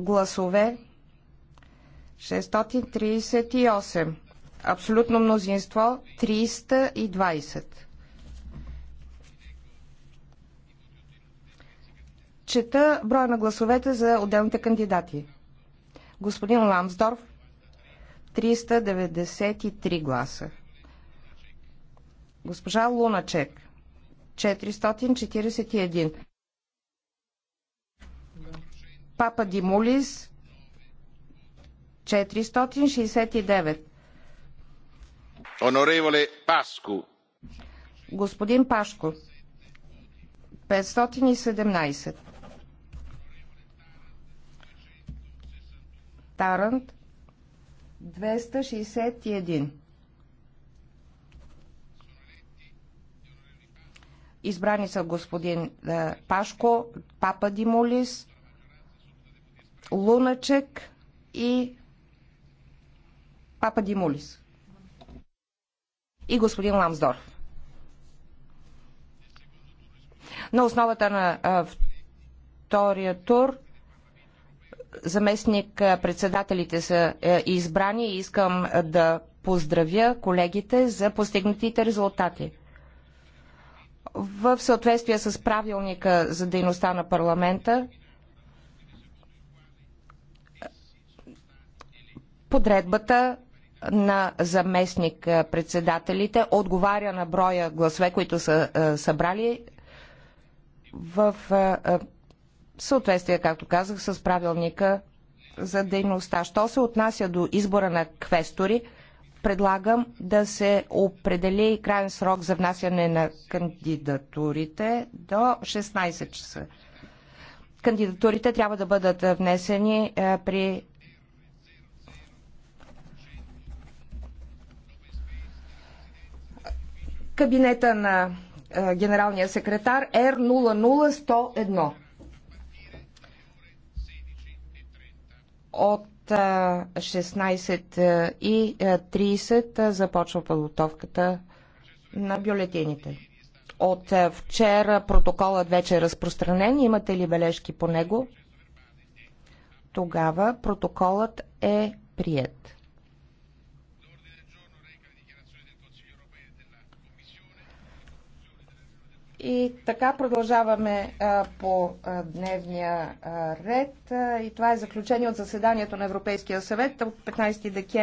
гласове 638. Абсолютно мнозинство 320. Чета броя на гласовете за отделните кандидати. Господин Ламсдорф 393 гласа. Госпожа Луначек 441. Папа Димулис 469. Онореволе Паско. Господин Пашко 517. Тарант 261. Избрани са господин е, Пашко, Папа 469. Луначек и Папа Димулис. И господин Ламсдорф. На основата на а, втория тур заместник председателите са е, избрани и искам да поздравя колегите за постигнатите резултати. В съответствие с правилника за дейността на парламента, подредбата на заместник-председателите отговаря на броя гласове, които са събрали в съответствие, както казах, с правилника за дейността. Що се отнася до избора на квестори, предлагам да се определи крайен срок за внасяне на кандидатурите до 16 часа. Кандидатурите трябва да бъдат внесени при кабинета на а, генералния секретар R00101. От 16.30 започва подготовката на бюлетините. От вчера протоколът вече е разпространен. Имате ли бележки по него? Тогава протоколът е прият. И така продължаваме а, по а, дневния а, ред. А, и това е заключение от заседанието на Европейския съвет от 15 декември.